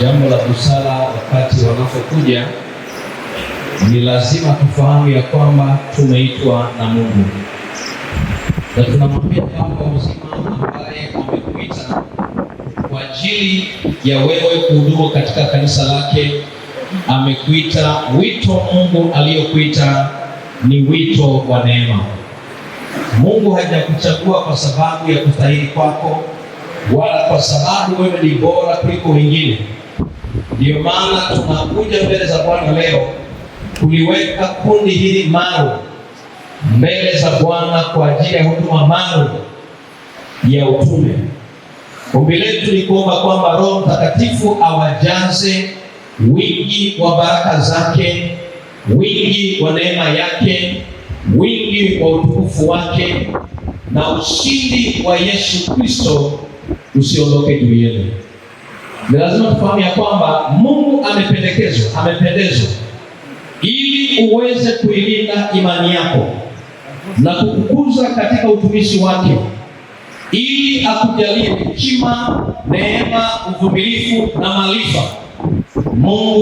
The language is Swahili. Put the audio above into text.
jambo la busara wakati wanapokuja, ni lazima tufahamu ya kwamba tumeitwa na Mungu na tunamwambia Baba mzima ambaye amekuita kwa ajili ya wewe kuhudumu katika kanisa lake. Amekuita wito, Mungu aliyokuita ni wito wa neema. Mungu hajakuchagua kwa sababu ya kustahili kwako, wala kwa sababu wewe ni bora kuliko wengine. Ndio maana tunakuja mbele za Bwana leo kuliweka kundi hili maru mbele za Bwana kwa ajili ya huduma maru ya utume. Ombi letu ni kuomba kwamba Roho Mtakatifu awajaze wingi wa baraka zake, wingi wa neema yake, wingi wa utukufu wake, na ushindi wa Yesu Kristo usiondoke juu yenu. Ni lazima tufahamu ya kwamba Mungu amependekezwa, amependezwa ili uweze kuilinda imani yako na kukukuza katika utumishi wake, ili akujalie hekima, neema, uvumilivu na maarifa. Mungu